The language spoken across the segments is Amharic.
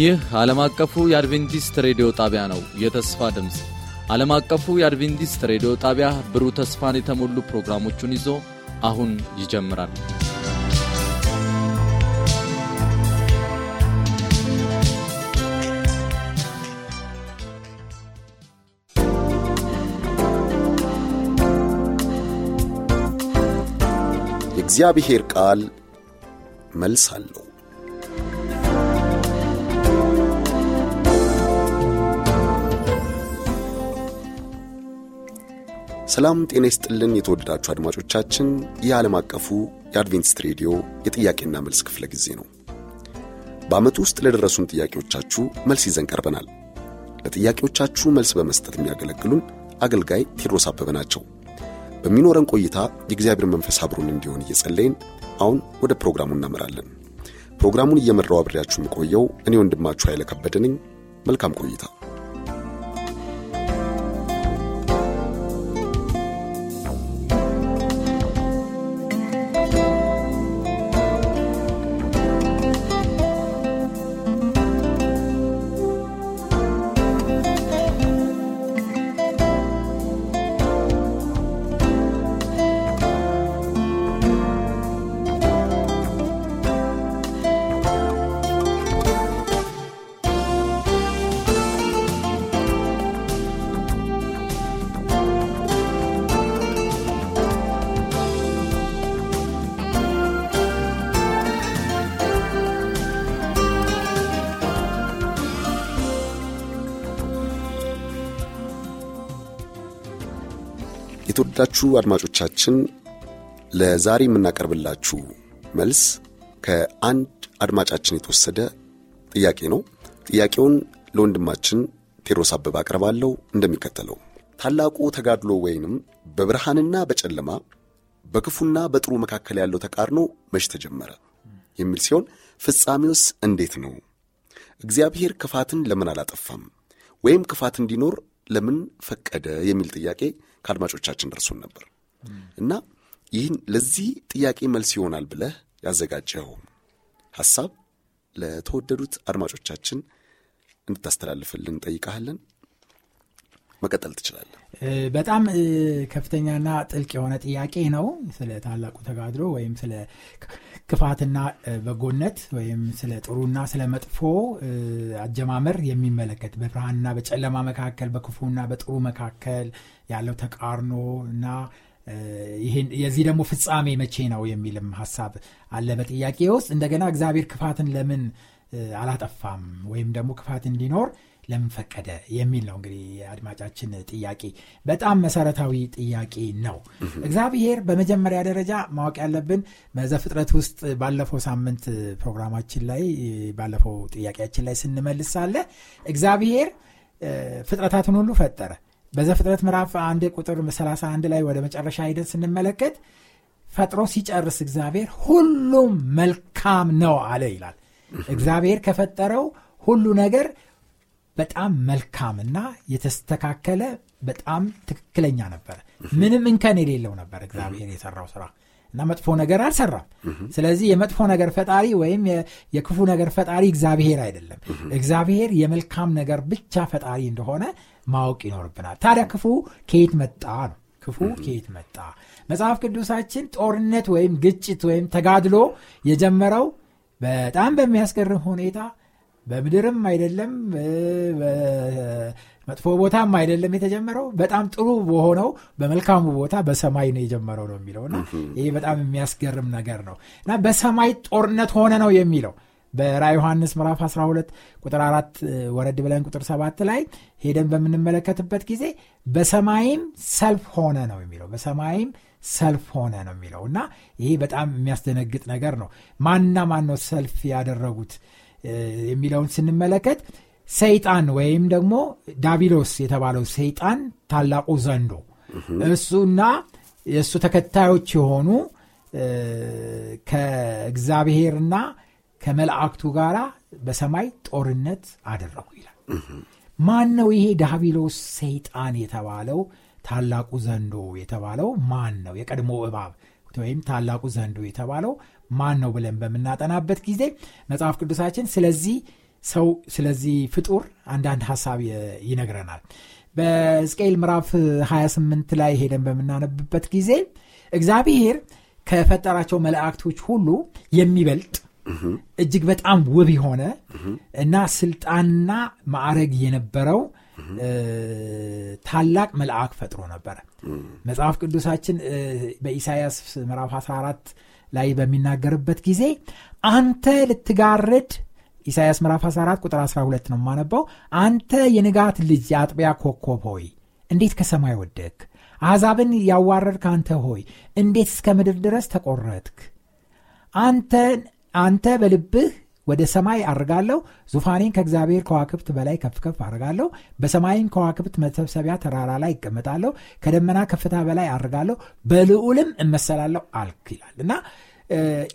ይህ ዓለም አቀፉ የአድቬንቲስት ሬዲዮ ጣቢያ ነው። የተስፋ ድምፅ ዓለም አቀፉ የአድቬንቲስት ሬዲዮ ጣቢያ ብሩህ ተስፋን የተሞሉ ፕሮግራሞቹን ይዞ አሁን ይጀምራል። የእግዚአብሔር ቃል መልስ አለው። ሰላም ጤና ይስጥልን የተወደዳችሁ አድማጮቻችን የዓለም አቀፉ የአድቬንቲስት ሬዲዮ የጥያቄና መልስ ክፍለ ጊዜ ነው በአመቱ ውስጥ ለደረሱን ጥያቄዎቻችሁ መልስ ይዘን ቀርበናል ለጥያቄዎቻችሁ መልስ በመስጠት የሚያገለግሉን አገልጋይ ቴድሮስ አበበ ናቸው በሚኖረን ቆይታ የእግዚአብሔር መንፈስ አብሮን እንዲሆን እየጸለይን አሁን ወደ ፕሮግራሙ እናመራለን ፕሮግራሙን እየመራው አብሬያችሁ የምቆየው እኔ ወንድማችሁ አይለከበደንኝ መልካም ቆይታ የተወደዳችሁ አድማጮቻችን ለዛሬ የምናቀርብላችሁ መልስ ከአንድ አድማጫችን የተወሰደ ጥያቄ ነው። ጥያቄውን ለወንድማችን ቴሮስ አበበ አቀርባለሁ እንደሚከተለው። ታላቁ ተጋድሎ ወይንም በብርሃንና በጨለማ በክፉና በጥሩ መካከል ያለው ተቃርኖ መሽ ተጀመረ? የሚል ሲሆን ፍጻሜውስ እንዴት ነው? እግዚአብሔር ክፋትን ለምን አላጠፋም? ወይም ክፋት እንዲኖር ለምን ፈቀደ? የሚል ጥያቄ ከአድማጮቻችን ደርሶን ነበር እና ይህን ለዚህ ጥያቄ መልስ ይሆናል ብለህ ያዘጋጀኸው ሀሳብ ለተወደዱት አድማጮቻችን እንድታስተላልፍልን ጠይቀሃለን መቀጠል ትችላለህ። በጣም ከፍተኛና ጥልቅ የሆነ ጥያቄ ነው ስለ ታላቁ ተጋድሮ ወይም ስለ ክፋትና በጎነት ወይም ስለ ጥሩና ስለ መጥፎ አጀማመር የሚመለከት በብርሃንና በጨለማ መካከል በክፉና በጥሩ መካከል ያለው ተቃርኖ እና የዚህ ደግሞ ፍጻሜ መቼ ነው የሚልም ሀሳብ አለ በጥያቄ ውስጥ እንደገና እግዚአብሔር ክፋትን ለምን አላጠፋም ወይም ደግሞ ክፋት እንዲኖር ለምን ፈቀደ የሚል ነው እንግዲህ የአድማጫችን ጥያቄ። በጣም መሰረታዊ ጥያቄ ነው። እግዚአብሔር በመጀመሪያ ደረጃ ማወቅ ያለብን በዘፍጥረት ውስጥ ባለፈው ሳምንት ፕሮግራማችን ላይ ባለፈው ጥያቄያችን ላይ ስንመልስ እግዚአብሔር ፍጥረታትን ሁሉ ፈጠረ። በዘፍጥረት ምዕራፍ አንድ ቁጥር 31 ላይ ወደ መጨረሻ ሂደት ስንመለከት ፈጥሮ ሲጨርስ እግዚአብሔር ሁሉም መልካም ነው አለ ይላል። እግዚአብሔር ከፈጠረው ሁሉ ነገር በጣም መልካምና የተስተካከለ በጣም ትክክለኛ ነበረ። ምንም እንከን የሌለው ነበር እግዚአብሔር የሰራው ስራ እና መጥፎ ነገር አልሰራም። ስለዚህ የመጥፎ ነገር ፈጣሪ ወይም የክፉ ነገር ፈጣሪ እግዚአብሔር አይደለም። እግዚአብሔር የመልካም ነገር ብቻ ፈጣሪ እንደሆነ ማወቅ ይኖርብናል። ታዲያ ክፉ ከየት መጣ ነው? ክፉ ከየት መጣ? መጽሐፍ ቅዱሳችን ጦርነት ወይም ግጭት ወይም ተጋድሎ የጀመረው በጣም በሚያስገርም ሁኔታ በምድርም አይደለም መጥፎ ቦታም አይደለም የተጀመረው በጣም ጥሩ በሆነው በመልካሙ ቦታ በሰማይ ነው የጀመረው ነው እና ይሄ በጣም የሚያስገርም ነገር ነው እና በሰማይ ጦርነት ሆነ ነው የሚለው በራ ዮሐንስ ምዕራፍ 12 ቁጥር 4 ወረድ ብለን ቁጥር 7 ላይ ሄደን በምንመለከትበት ጊዜ በሰማይም ሰልፍ ሆነ ነው የሚለው በሰማይም ሰልፍ ሆነ ነው የሚለው እና ይሄ በጣም የሚያስደነግጥ ነገር ነው ማንና ማን ነው ሰልፍ ያደረጉት የሚለውን ስንመለከት ሰይጣን ወይም ደግሞ ዳቢሎስ የተባለው ሰይጣን ታላቁ ዘንዶ እሱና የእሱ ተከታዮች የሆኑ ከእግዚአብሔርና ከመላእክቱ ጋር በሰማይ ጦርነት አደረጉ ይላል። ማን ነው ይሄ ዳቢሎስ ሰይጣን የተባለው ታላቁ ዘንዶ የተባለው ማን ነው? የቀድሞ እባብ ወይም ታላቁ ዘንዶ የተባለው ማን ነው ብለን በምናጠናበት ጊዜ መጽሐፍ ቅዱሳችን ስለዚህ ሰው ስለዚህ ፍጡር አንዳንድ ሀሳብ ይነግረናል በሕዝቅኤል ምዕራፍ 28 ላይ ሄደን በምናነብበት ጊዜ እግዚአብሔር ከፈጠራቸው መላእክቶች ሁሉ የሚበልጥ እጅግ በጣም ውብ የሆነ እና ስልጣንና ማዕረግ የነበረው ታላቅ መልአክ ፈጥሮ ነበረ መጽሐፍ ቅዱሳችን በኢሳያስ ምዕራፍ 14 ላይ በሚናገርበት ጊዜ አንተ ልትጋርድ ኢሳያስ ምዕራፍ 14 ቁጥር 12 ነው የማነባው አንተ የንጋት ልጅ የአጥቢያ ኮኮብ ሆይ እንዴት ከሰማይ ወደክ አሕዛብን ያዋረድክ አንተ ሆይ እንዴት እስከ ምድር ድረስ ተቆረጥክ አንተ በልብህ ወደ ሰማይ አርጋለሁ፣ ዙፋኔን ከእግዚአብሔር ከዋክብት በላይ ከፍከፍ አርጋለሁ፣ በሰማይን ከዋክብት መሰብሰቢያ ተራራ ላይ ይቀመጣለሁ፣ ከደመና ከፍታ በላይ አርጋለሁ፣ በልዑልም እመሰላለሁ አልክ ይላል እና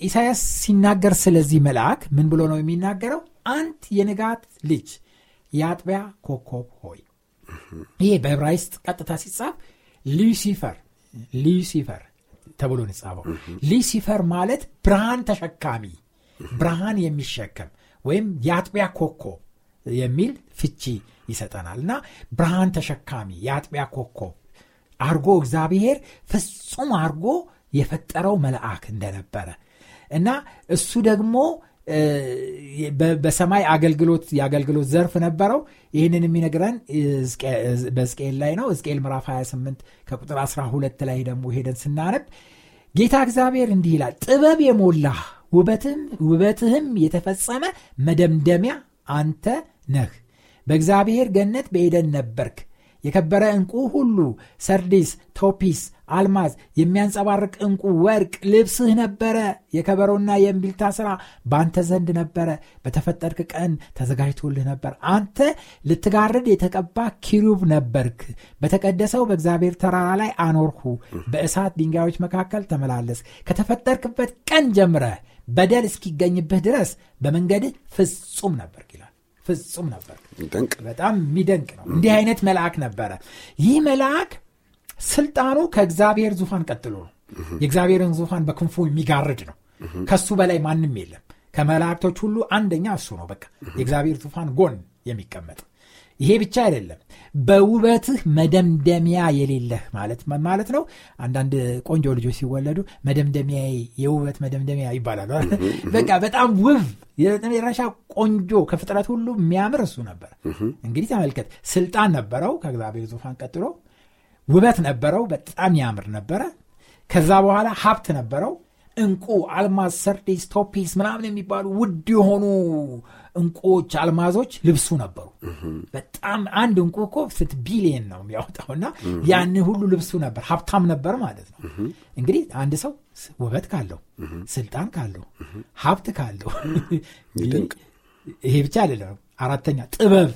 ኢሳያስ ሲናገር ስለዚህ መልአክ ምን ብሎ ነው የሚናገረው? አንት የንጋት ልጅ የአጥቢያ ኮኮብ ሆይ። ይሄ በዕብራይስጥ ቀጥታ ሲጻፍ ሊሲፈር ሊሲፈር ተብሎ ንጻፈው ሊሲፈር ማለት ብርሃን ተሸካሚ ብርሃን የሚሸከም ወይም የአጥቢያ ኮከብ የሚል ፍቺ ይሰጠናል እና ብርሃን ተሸካሚ የአጥቢያ ኮከብ አርጎ እግዚአብሔር ፍጹም አርጎ የፈጠረው መልአክ እንደነበረ እና እሱ ደግሞ በሰማይ አገልግሎት የአገልግሎት ዘርፍ ነበረው ይህንን የሚነግረን በሕዝቅኤል ላይ ነው ሕዝቅኤል ምዕራፍ 28 ከቁጥር 12 ላይ ደግሞ ሄደን ስናነብ ጌታ እግዚአብሔር እንዲህ ይላል ጥበብ የሞላህ ውበትህም የተፈጸመ መደምደሚያ አንተ ነህ። በእግዚአብሔር ገነት በኤደን ነበርክ። የከበረ ዕንቁ ሁሉ ሰርዲስ፣ ቶፒስ፣ አልማዝ፣ የሚያንጸባርቅ ዕንቁ፣ ወርቅ ልብስህ ነበረ። የከበሮና የእምቢልታ ሥራ በአንተ ዘንድ ነበረ፣ በተፈጠርክ ቀን ተዘጋጅቶልህ ነበር። አንተ ልትጋርድ የተቀባ ኪሩብ ነበርክ። በተቀደሰው በእግዚአብሔር ተራራ ላይ አኖርሁ። በእሳት ድንጋዮች መካከል ተመላለስ ከተፈጠርክበት ቀን ጀምረህ በደል እስኪገኝብህ ድረስ በመንገድህ ፍጹም ነበር ይላል። ፍጹም ነበር። በጣም የሚደንቅ ነው። እንዲህ አይነት መልአክ ነበረ። ይህ መልአክ ስልጣኑ ከእግዚአብሔር ዙፋን ቀጥሎ ነው። የእግዚአብሔርን ዙፋን በክንፉ የሚጋርድ ነው። ከሱ በላይ ማንም የለም። ከመላእክቶች ሁሉ አንደኛ እሱ ነው። በቃ የእግዚአብሔር ዙፋን ጎን የሚቀመጥ ይሄ ብቻ አይደለም፣ በውበትህ መደምደሚያ የሌለህ ማለት ማለት ነው። አንዳንድ ቆንጆ ልጆች ሲወለዱ መደምደሚያ የውበት መደምደሚያ ይባላሉ። በቃ በጣም ውብ የመጨረሻ ቆንጆ ከፍጥረት ሁሉ የሚያምር እሱ ነበር። እንግዲህ ተመልከት፣ ስልጣን ነበረው ከእግዚአብሔር ዙፋን ቀጥሎ፣ ውበት ነበረው፣ በጣም ያምር ነበረ። ከዛ በኋላ ሀብት ነበረው እንቁ አልማዝ፣ ሰርዴስ፣ ቶፒስ ምናምን የሚባሉ ውድ የሆኑ እንቁዎች አልማዞች ልብሱ ነበሩ። በጣም አንድ እንቁ እኮ ስንት ቢሊየን ነው የሚያወጣው እና ያን ሁሉ ልብሱ ነበር። ሀብታም ነበር ማለት ነው። እንግዲህ አንድ ሰው ውበት ካለው፣ ስልጣን ካለው፣ ሀብት ካለው ይሄ ብቻ አይደለም። አራተኛ ጥበብ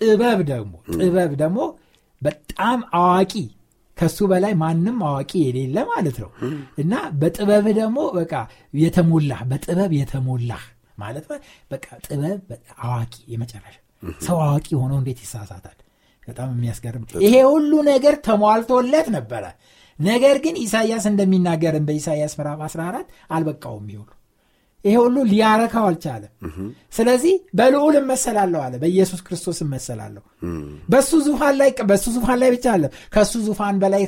ጥበብ ደግሞ ጥበብ ደግሞ በጣም አዋቂ ከሱ በላይ ማንም አዋቂ የሌለ ማለት ነው እና በጥበብ ደግሞ በቃ የተሞላህ በጥበብ የተሞላህ ማለት በቃ ጥበብ አዋቂ የመጨረሻ ሰው አዋቂ ሆኖ እንዴት ይሳሳታል? በጣም የሚያስገርም ይሄ ሁሉ ነገር ተሟልቶለት ነበረ። ነገር ግን ኢሳያስ እንደሚናገርን በኢሳያስ ምዕራፍ 14 አልበቃውም ይሁሉ ይሄ ሁሉ ሊያረካው አልቻለም። ስለዚህ በልዑል እመሰላለሁ አለ። በኢየሱስ ክርስቶስ እመሰላለሁ። በሱ ዙፋን ላይ በሱ ዙፋን ላይ ብቻ አለም ከሱ ዙፋን በላይ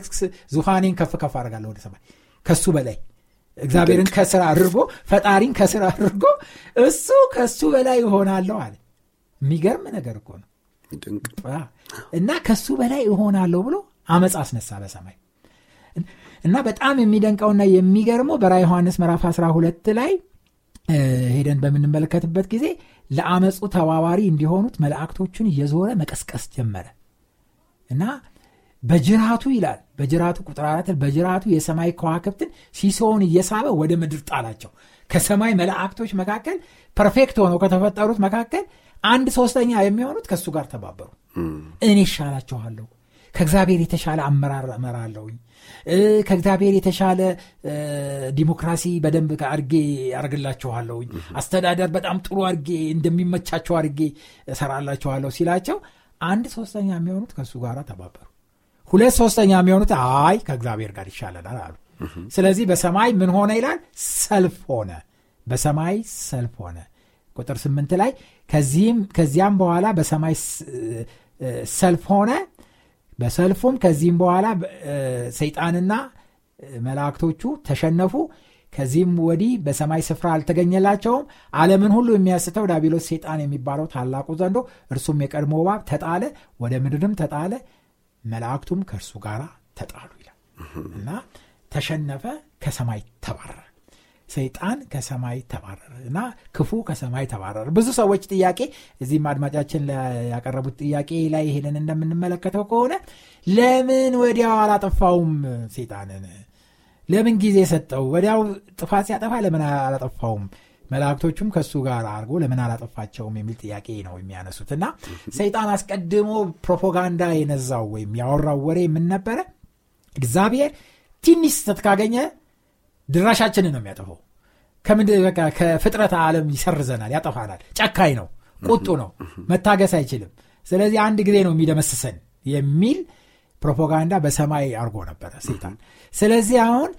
ዙፋኔን ከፍ ከፍ አርጋለሁ ወደ ሰማይ ከሱ በላይ እግዚአብሔርን ከስራ አድርጎ ፈጣሪን ከስራ አድርጎ እሱ ከሱ በላይ ይሆናለሁ አለ። የሚገርም ነገር እኮ ነው። እና ከሱ በላይ ይሆናለሁ ብሎ አመፅ አስነሳ በሰማይ እና በጣም የሚደንቀውና የሚገርመው በራ ዮሐንስ መራፍ 12 ላይ ሄደን በምንመለከትበት ጊዜ ለአመፁ ተባባሪ እንዲሆኑት መላእክቶቹን እየዞረ መቀስቀስ ጀመረ እና በጅራቱ ይላል በጅራቱ ቁጥር በጅራቱ የሰማይ ከዋክብትን ሲሶውን እየሳበ ወደ ምድር ጣላቸው ከሰማይ መላእክቶች መካከል ፐርፌክት ሆነው ከተፈጠሩት መካከል አንድ ሶስተኛ የሚሆኑት ከእሱ ጋር ተባበሩ እኔ ይሻላቸኋለሁ ከእግዚአብሔር የተሻለ አመራር እመራለሁኝ ከእግዚአብሔር የተሻለ ዲሞክራሲ በደንብ አርጌ አርግላችኋለሁኝ አስተዳደር በጣም ጥሩ አርጌ እንደሚመቻቸው አርጌ እሰራላችኋለሁ ሲላቸው አንድ ሶስተኛ የሚሆኑት ከእሱ ጋር ተባበሩ ሁለት ሶስተኛ የሚሆኑት አይ ከእግዚአብሔር ጋር ይሻለናል አሉ ስለዚህ በሰማይ ምን ሆነ ይላል ሰልፍ ሆነ በሰማይ ሰልፍ ሆነ ቁጥር ስምንት ላይ ከዚህም ከዚያም በኋላ በሰማይ ሰልፍ ሆነ በሰልፉም ከዚህም በኋላ ሰይጣንና መላእክቶቹ ተሸነፉ። ከዚህም ወዲህ በሰማይ ስፍራ አልተገኘላቸውም። ዓለምን ሁሉ የሚያስተው ዳቢሎስ ሰይጣን የሚባለው ታላቁ ዘንዶ እርሱም የቀድሞ ባብ ተጣለ፣ ወደ ምድርም ተጣለ፣ መላእክቱም ከእርሱ ጋር ተጣሉ ይላል እና ተሸነፈ፣ ከሰማይ ተባረረ። ሰይጣን ከሰማይ ተባረረ እና ክፉ ከሰማይ ተባረረ። ብዙ ሰዎች ጥያቄ እዚህም አድማጫችን ያቀረቡት ጥያቄ ላይ ይሄንን እንደምንመለከተው ከሆነ ለምን ወዲያው አላጠፋውም? ሰይጣንን ለምን ጊዜ ሰጠው? ወዲያው ጥፋት ሲያጠፋ ለምን አላጠፋውም? መላእክቶቹም ከእሱ ጋር አድርጎ ለምን አላጠፋቸውም የሚል ጥያቄ ነው የሚያነሱት እና ሰይጣን አስቀድሞ ፕሮፓጋንዳ የነዛው ወይም ያወራው ወሬ የምን ነበረ? እግዚአብሔር ትንሽ ስህተት ካገኘ ድራሻችንን ነው የሚያጠፋው። ከፍጥረት ዓለም ይሰርዘናል፣ ያጠፋናል። ጨካኝ ነው፣ ቁጡ ነው፣ መታገስ አይችልም። ስለዚህ አንድ ጊዜ ነው የሚደመስሰን የሚል ፕሮፓጋንዳ በሰማይ አድርጎ ነበረ ሴጣን። ስለዚህ አሁን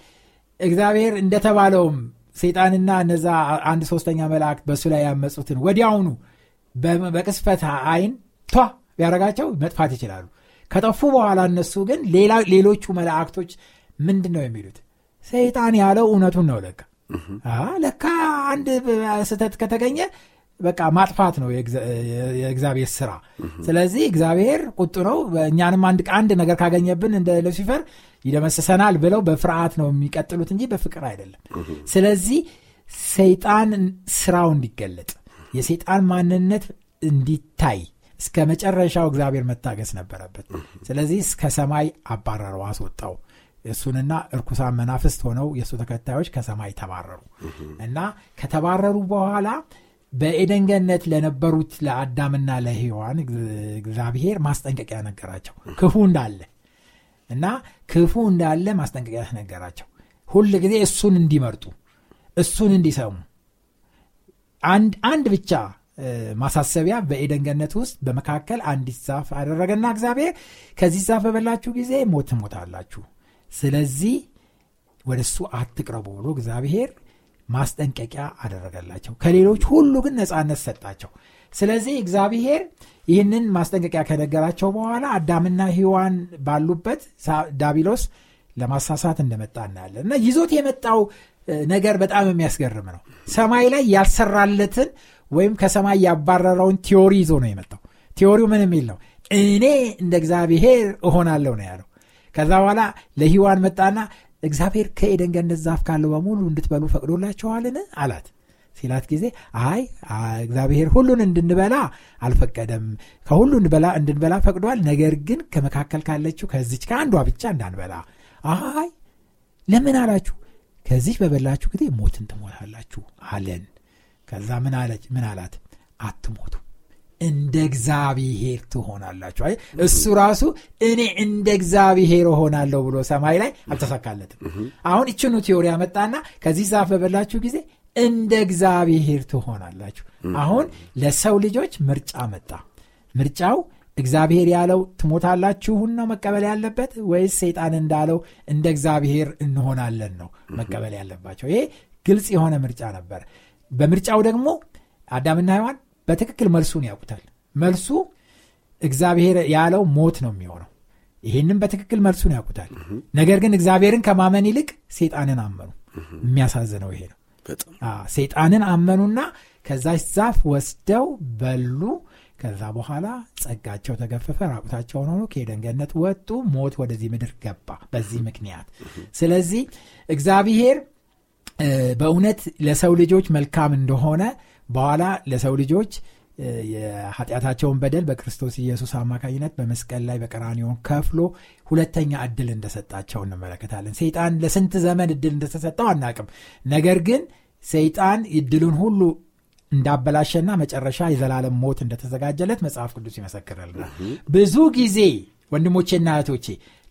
እግዚአብሔር እንደተባለውም ሴጣንና እነዛ አንድ ሶስተኛ መላእክት በእሱ ላይ ያመፁትን ወዲያውኑ በቅስፈት አይን ቷ ቢያደረጋቸው መጥፋት ይችላሉ። ከጠፉ በኋላ እነሱ ግን ሌሎቹ መላእክቶች ምንድን ነው የሚሉት? ሰይጣን ያለው እውነቱን ነው ለካ ለካ አንድ ስህተት ከተገኘ በቃ ማጥፋት ነው የእግዚአብሔር ስራ ስለዚህ እግዚአብሔር ቁጡ ነው እኛንም አንድ ነገር ካገኘብን እንደ ሉሲፈር ይደመስሰናል ብለው በፍርሃት ነው የሚቀጥሉት እንጂ በፍቅር አይደለም ስለዚህ ሰይጣን ስራው እንዲገለጥ የሰይጣን ማንነት እንዲታይ እስከ መጨረሻው እግዚአብሔር መታገስ ነበረበት ስለዚህ እስከ ሰማይ አባረረው አስወጣው እሱንና እርኩሳን መናፍስት ሆነው የእሱ ተከታዮች ከሰማይ ተባረሩ እና ከተባረሩ በኋላ በኤደንገነት ለነበሩት ለአዳምና ለሔዋን እግዚአብሔር ማስጠንቀቂያ ነገራቸው ክፉ እንዳለ እና ክፉ እንዳለ ማስጠንቀቂያ ነገራቸው ሁል ጊዜ እሱን እንዲመርጡ እሱን እንዲሰሙ አንድ ብቻ ማሳሰቢያ በኤደንገነት ውስጥ በመካከል አንዲት ዛፍ አደረገና እግዚአብሔር ከዚህ ዛፍ በበላችሁ ጊዜ ሞት ትሞታላችሁ ስለዚህ ወደ እሱ አትቅረቡ ብሎ እግዚአብሔር ማስጠንቀቂያ አደረገላቸው ከሌሎች ሁሉ ግን ነፃነት ሰጣቸው ስለዚህ እግዚአብሔር ይህንን ማስጠንቀቂያ ከነገራቸው በኋላ አዳምና ህዋን ባሉበት ዳቢሎስ ለማሳሳት እንደመጣ እናያለን እና ይዞት የመጣው ነገር በጣም የሚያስገርም ነው ሰማይ ላይ ያልሰራለትን ወይም ከሰማይ ያባረረውን ቲዮሪ ይዞ ነው የመጣው ቲዮሪው ምን የሚል ነው እኔ እንደ እግዚአብሔር እሆናለሁ ነው ያለው ከዛ በኋላ ለሂዋን መጣና እግዚአብሔር ከኤደን ገነት ዛፍ ካለው በሙሉ እንድትበሉ ፈቅዶላቸዋልን አላት ሲላት ጊዜ አይ እግዚአብሔር ሁሉን እንድንበላ አልፈቀደም ከሁሉ እንድንበላ ፈቅዷል ነገር ግን ከመካከል ካለችው ከዚች ከአንዷ ብቻ እንዳንበላ አይ ለምን አላችሁ ከዚህ በበላችሁ ጊዜ ሞትን ትሞታላችሁ አለን ከዛ ምን አላት አትሞቱ እንደ እግዚአብሔር ትሆናላችሁ። አይ እሱ ራሱ እኔ እንደ እግዚአብሔር እሆናለሁ ብሎ ሰማይ ላይ አልተሳካለትም። አሁን ይችኑ ቴዎሪ መጣና ከዚህ ዛፍ በበላችሁ ጊዜ እንደ እግዚአብሔር ትሆናላችሁ። አሁን ለሰው ልጆች ምርጫ መጣ። ምርጫው እግዚአብሔር ያለው ትሞታላችሁን ነው መቀበል ያለበት ወይስ ሰይጣን እንዳለው እንደ እግዚአብሔር እንሆናለን ነው መቀበል ያለባቸው? ይሄ ግልጽ የሆነ ምርጫ ነበር። በምርጫው ደግሞ አዳምና ሃይዋን በትክክል መልሱን ያውቁታል። መልሱ እግዚአብሔር ያለው ሞት ነው የሚሆነው። ይህንም በትክክል መልሱን ያውቁታል። ነገር ግን እግዚአብሔርን ከማመን ይልቅ ሴጣንን አመኑ። የሚያሳዝነው ይሄ ነው። ሴጣንን አመኑና ከዛች ዛፍ ወስደው በሉ። ከዛ በኋላ ጸጋቸው ተገፈፈ፣ ራቁታቸውን ሆኖ ከደንገነት ወጡ። ሞት ወደዚህ ምድር ገባ በዚህ ምክንያት። ስለዚህ እግዚአብሔር በእውነት ለሰው ልጆች መልካም እንደሆነ በኋላ ለሰው ልጆች የኃጢአታቸውን በደል በክርስቶስ ኢየሱስ አማካኝነት በመስቀል ላይ በቀራንዮን ከፍሎ ሁለተኛ እድል እንደሰጣቸው እንመለከታለን። ሰይጣን ለስንት ዘመን እድል እንደተሰጠው አናቅም። ነገር ግን ሰይጣን እድሉን ሁሉ እንዳበላሸና መጨረሻ የዘላለም ሞት እንደተዘጋጀለት መጽሐፍ ቅዱስ ይመሰክርልናል። ብዙ ጊዜ ወንድሞቼና እህቶቼ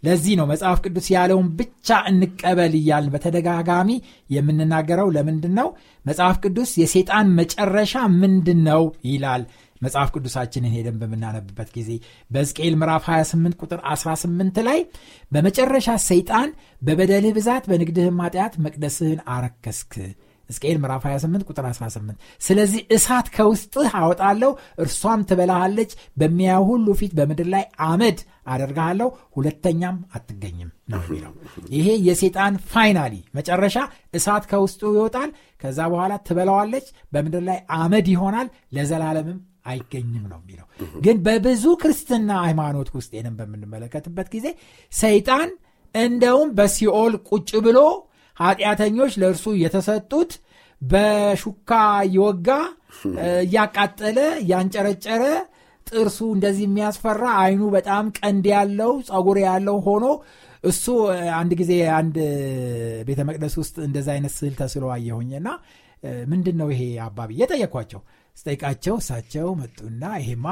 ለዚህ ነው መጽሐፍ ቅዱስ ያለውን ብቻ እንቀበል እያልን በተደጋጋሚ የምንናገረው። ለምንድን ነው መጽሐፍ ቅዱስ የሴጣን መጨረሻ ምንድን ነው ይላል። መጽሐፍ ቅዱሳችንን ሄደን በምናነብበት ጊዜ በዝቅኤል ምዕራፍ 28 ቁጥር 18 ላይ በመጨረሻ ሰይጣን በበደልህ ብዛት በንግድህም ማጥያት መቅደስህን አረከስክ ሕዝቅኤል ምዕራፍ 28 ቁጥር 18 ስለዚህ እሳት ከውስጥህ አወጣለሁ እርሷም ትበላሃለች በሚያዩ ሁሉ ፊት በምድር ላይ አመድ አደርግሃለሁ ሁለተኛም አትገኝም ነው የሚለው ይሄ የሴጣን ፋይናሊ መጨረሻ እሳት ከውስጡ ይወጣል ከዛ በኋላ ትበላዋለች በምድር ላይ አመድ ይሆናል ለዘላለምም አይገኝም ነው የሚለው ግን በብዙ ክርስትና ሃይማኖት ውስጥ ንም በምንመለከትበት ጊዜ ሰይጣን እንደውም በሲኦል ቁጭ ብሎ ኃጢአተኞች ለእርሱ የተሰጡት በሹካ እየወጋ እያቃጠለ እያንጨረጨረ ጥርሱ እንደዚህ የሚያስፈራ አይኑ በጣም ቀንድ ያለው ጸጉር ያለው ሆኖ እሱ አንድ ጊዜ አንድ ቤተ መቅደስ ውስጥ እንደዚ አይነት ስዕል ተስሎ አየሁኝና ምንድን ነው ይሄ አባ እየጠየኳቸው? ስጠይቃቸው እሳቸው መጡና ይሄማ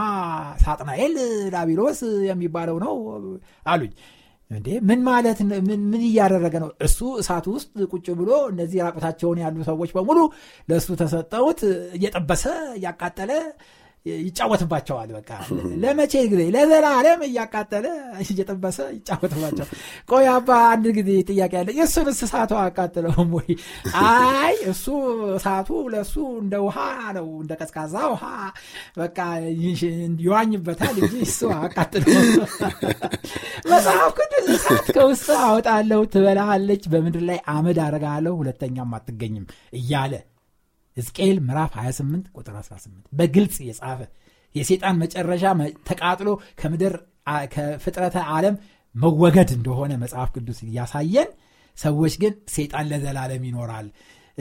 ሳጥናኤል ዳቢሎስ የሚባለው ነው አሉኝ። እንዴ ምን ማለት ምን እያደረገ ነው? እሱ እሳቱ ውስጥ ቁጭ ብሎ እነዚህ ራቁታቸውን ያሉ ሰዎች በሙሉ ለእሱ ተሰጠውት እየጠበሰ እያቃጠለ ይጫወትባቸዋል። በቃ ለመቼ ጊዜ ለዘላለም እያቃጠለ እየጠበሰ ይጫወትባቸዋል። ቆይ አባ አንድ ጊዜ ጥያቄ ያለ እሱን እሳቱ አቃጥለውም ወይ? አይ እሱ እሳቱ ለእሱ እንደ ውሃ ነው፣ እንደ ቀዝቃዛ ውሃ በቃ ይዋኝበታል እንጂ እሱ አቃጥለው። መጽሐፍ ቅዱስ እሳት ከውስጥ አወጣለሁ፣ ትበላለች፣ በምድር ላይ አመድ አረጋለሁ፣ ሁለተኛም አትገኝም እያለ ሕዝቅኤል ምዕራፍ 28 ቁጥር 18 በግልጽ የጻፈ የሴጣን መጨረሻ ተቃጥሎ ከምድር ከፍጥረተ ዓለም መወገድ እንደሆነ መጽሐፍ ቅዱስ እያሳየን ሰዎች ግን ሴጣን ለዘላለም ይኖራል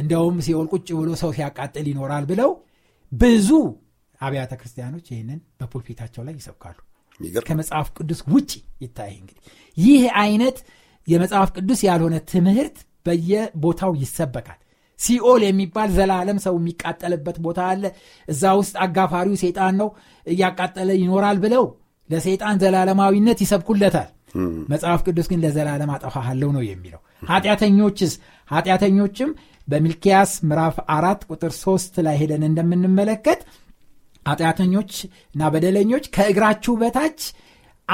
እንደውም ሲኦል ቁጭ ብሎ ሰው ሲያቃጥል ይኖራል ብለው ብዙ አብያተ ክርስቲያኖች ይህንን በፑልፒታቸው ላይ ይሰብካሉ ከመጽሐፍ ቅዱስ ውጭ ይታይ እንግዲህ ይህ አይነት የመጽሐፍ ቅዱስ ያልሆነ ትምህርት በየቦታው ይሰበካል ሲኦል የሚባል ዘላለም ሰው የሚቃጠልበት ቦታ አለ። እዛ ውስጥ አጋፋሪው ሴጣን ነው፣ እያቃጠለ ይኖራል ብለው ለሴጣን ዘላለማዊነት ይሰብኩለታል። መጽሐፍ ቅዱስ ግን ለዘላለም አጠፋሃለው ነው የሚለው። ኃጢአተኞችስ ኃጢአተኞችም በሚልኪያስ ምዕራፍ አራት ቁጥር ሶስት ላይ ሄደን እንደምንመለከት ኃጢአተኞች እና በደለኞች ከእግራችሁ በታች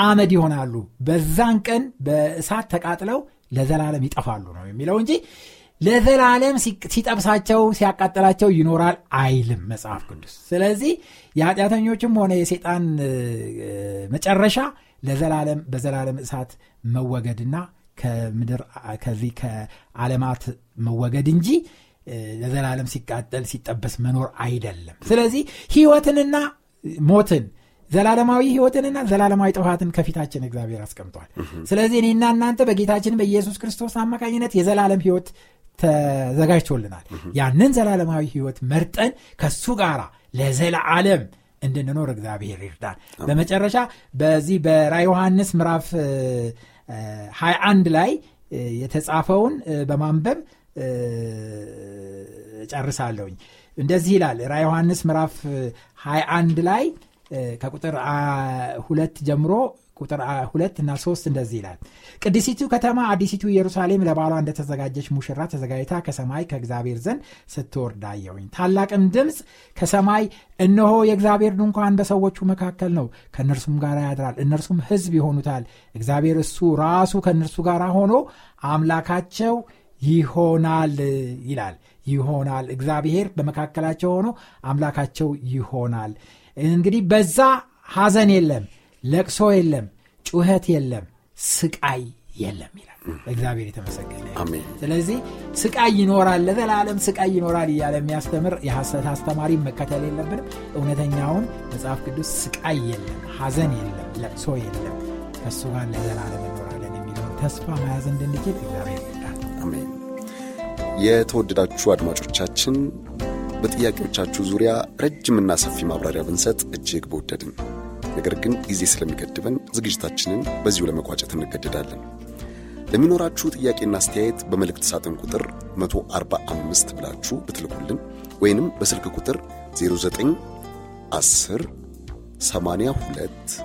አመድ ይሆናሉ፣ በዛን ቀን በእሳት ተቃጥለው ለዘላለም ይጠፋሉ ነው የሚለው እንጂ ለዘላለም ሲጠብሳቸው ሲያቃጥላቸው ይኖራል አይልም መጽሐፍ ቅዱስ። ስለዚህ የኃጢአተኞችም ሆነ የሴጣን መጨረሻ ለዘላለም በዘላለም እሳት መወገድና ከምድር ከዚህ ከዓለማት መወገድ እንጂ ለዘላለም ሲቃጠል ሲጠበስ መኖር አይደለም። ስለዚህ ህይወትንና ሞትን ዘላለማዊ ህይወትንና ዘላለማዊ ጥፋትን ከፊታችን እግዚአብሔር አስቀምጧል። ስለዚህ እኔና እናንተ በጌታችን በኢየሱስ ክርስቶስ አማካኝነት የዘላለም ህይወት ተዘጋጅቶልናል ያንን ዘላለማዊ ህይወት መርጠን ከሱ ጋር ለዘላዓለም እንድንኖር እግዚአብሔር ይርዳል በመጨረሻ በዚህ በራይ ዮሐንስ ምዕራፍ 21 ላይ የተጻፈውን በማንበብ ጨርሳለሁኝ እንደዚህ ይላል ራ ዮሐንስ ምዕራፍ 21 ላይ ከቁጥር ሁለት ጀምሮ ቁጥር ሁለት እና ሶስት እንደዚህ ይላል ቅድሲቱ ከተማ አዲሲቱ ኢየሩሳሌም ለባሏ እንደተዘጋጀች ሙሽራ ተዘጋጅታ ከሰማይ ከእግዚአብሔር ዘንድ ስትወርድ ታላቅም ድምፅ ከሰማይ እነሆ የእግዚአብሔር ድንኳን በሰዎቹ መካከል ነው ከእነርሱም ጋር ያድራል እነርሱም ህዝብ ይሆኑታል እግዚአብሔር እሱ ራሱ ከእነርሱ ጋር ሆኖ አምላካቸው ይሆናል ይላል ይሆናል እግዚአብሔር በመካከላቸው ሆኖ አምላካቸው ይሆናል እንግዲህ በዛ ሐዘን የለም ለቅሶ የለም፣ ጩኸት የለም፣ ስቃይ የለም ይላል። እግዚአብሔር የተመሰገነ። ስለዚህ ስቃይ ይኖራል፣ ለዘላለም ስቃይ ይኖራል እያለ የሚያስተምር የሐሰት አስተማሪ መከተል የለብንም። እውነተኛውን መጽሐፍ ቅዱስ ስቃይ የለም፣ ሐዘን የለም፣ ለቅሶ የለም፣ ከእሱ ጋር ለዘላለም እኖራለን የሚለውን ተስፋ መያዝ እንድንችል እግዚአብሔር ይርዳል። የተወደዳችሁ አድማጮቻችን በጥያቄዎቻችሁ ዙሪያ ረጅምና ሰፊ ማብራሪያ ብንሰጥ እጅግ በወደድን። ነገር ግን ጊዜ ስለሚገድበን ዝግጅታችንን በዚሁ ለመቋጨት እንገደዳለን። ለሚኖራችሁ ጥያቄና አስተያየት በመልእክት ሳጥን ቁጥር 145 ብላችሁ ብትልኩልን ወይንም በስልክ ቁጥር 0910 82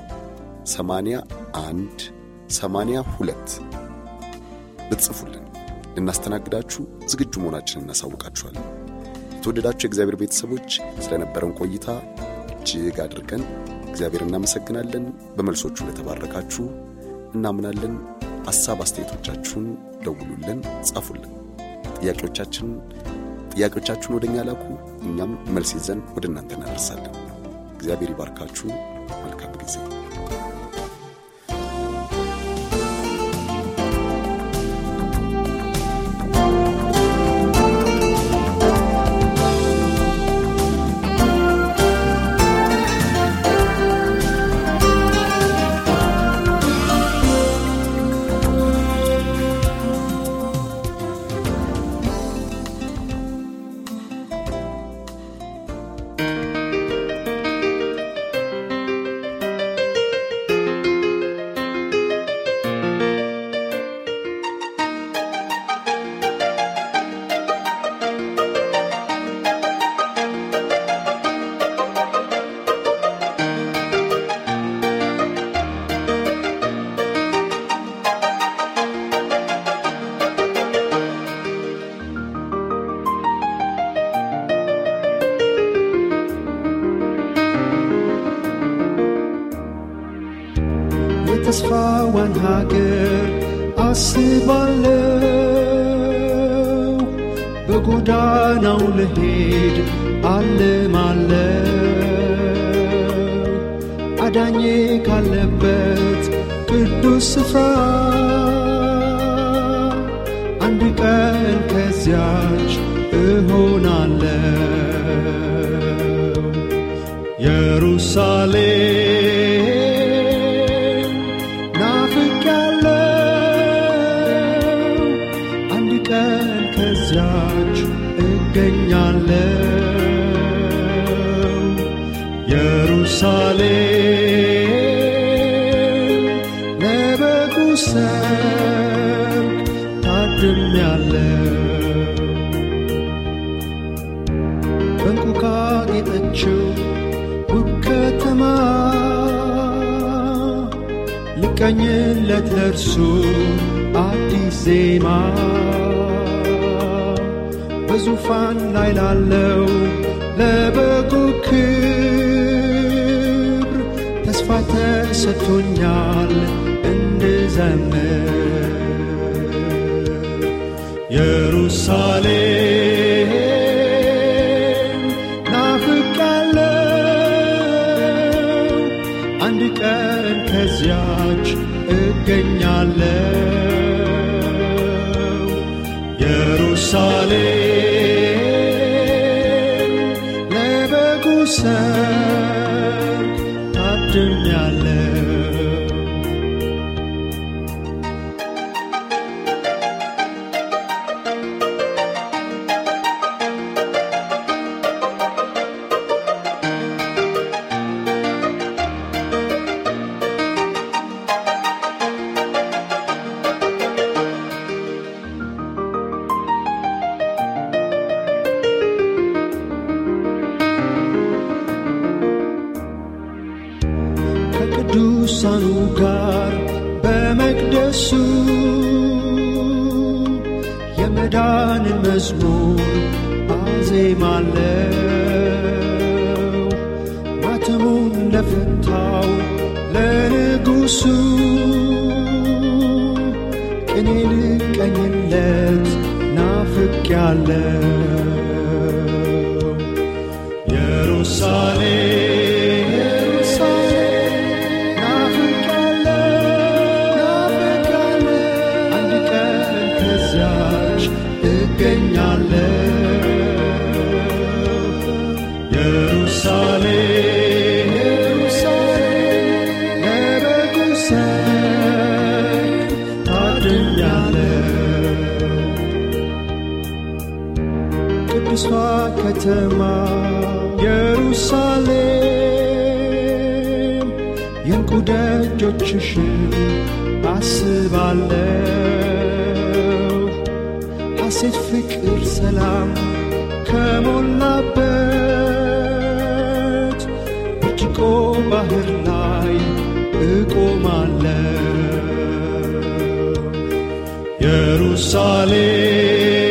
81 82 ብትጽፉልን ልናስተናግዳችሁ ዝግጁ መሆናችንን እናሳውቃችኋለን። የተወደዳችሁ የእግዚአብሔር ቤተሰቦች ስለነበረን ቆይታ እጅግ አድርገን እግዚአብሔር እናመሰግናለን። በመልሶቹ ለተባረካችሁ እናምናለን። ሐሳብ አስተያየቶቻችሁን ደውሉልን፣ ጻፉልን። ጥያቄዎቻችን ጥያቄዎቻችሁን ወደ እኛ ላኩ። እኛም መልስ ይዘን ወደ እናንተ እናደርሳለን። እግዚአብሔር ይባርካችሁ። መልካም ጊዜ ወደዚያው ልሄድ አልማለ አዳኜ ካለበት ቅዱስ ስፍራ አንድ ቀን ከዚያች እሆናለ ኢየሩሳሌም ዕለት ለእርሱ አዲስ ዜማ በዙፋን ላይ ላለው ለበጉ ክብር ተስፋ ተሰጥቶኛል እንድዘምር ኢየሩሳሌም ጋር በመቅደሱ የመዳንን መዝሙር አዜማለው ማተሙን ለፈታው ለንጉሱ ቅኔ ልቀኝለት ናፍቅ ያለው Jerusalem የእንቁ ደጆችሽን አስባለው ሐሴት፣ ፍቅር፣ ሰላም ከሞላበት ብርጭቆ ባህር ላይ እቆማለው ኢየሩሳሌም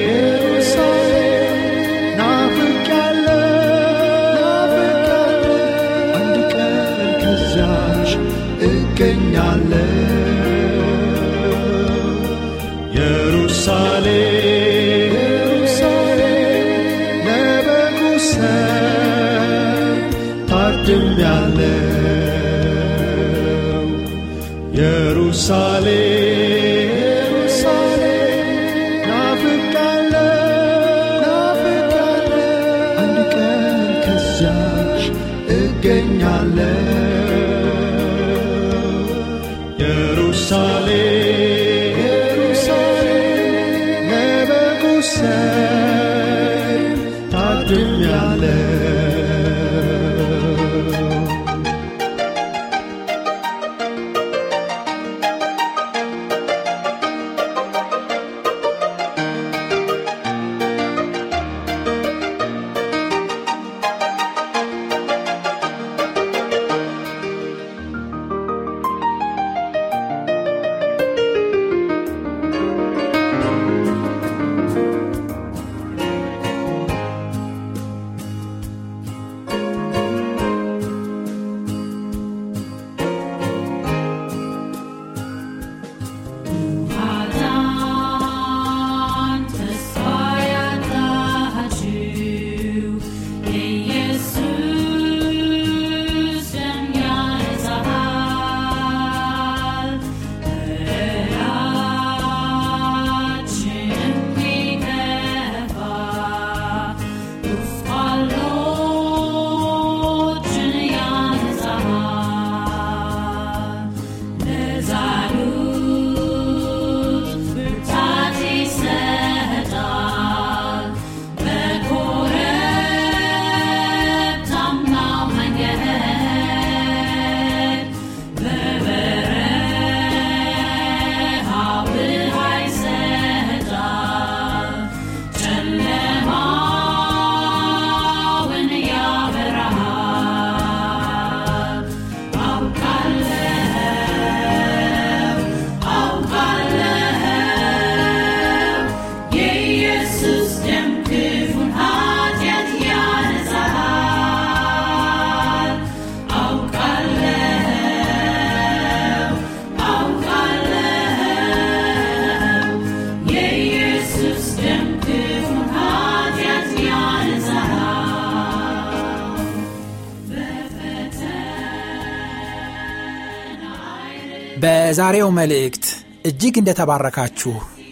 በዛሬው መልእክት እጅግ እንደተባረካችሁ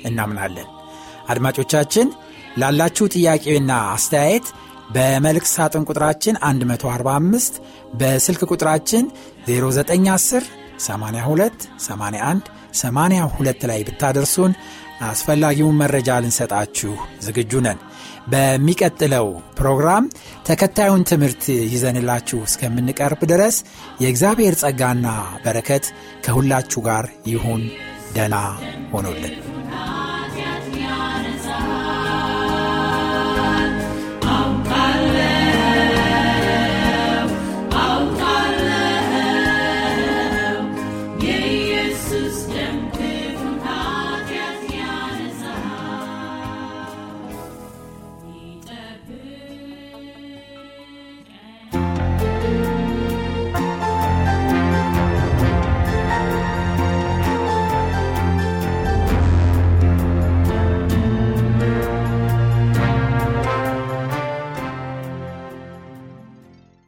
እናምናለን። አድማጮቻችን ላላችሁ ጥያቄና አስተያየት በመልእክት ሳጥን ቁጥራችን 145 በስልክ ቁጥራችን 0910 82 81 82 ላይ ብታደርሱን አስፈላጊውን መረጃ ልንሰጣችሁ ዝግጁ ነን። በሚቀጥለው ፕሮግራም ተከታዩን ትምህርት ይዘንላችሁ እስከምንቀርብ ድረስ የእግዚአብሔር ጸጋና በረከት ከሁላችሁ ጋር ይሁን። ደና ሆኖልን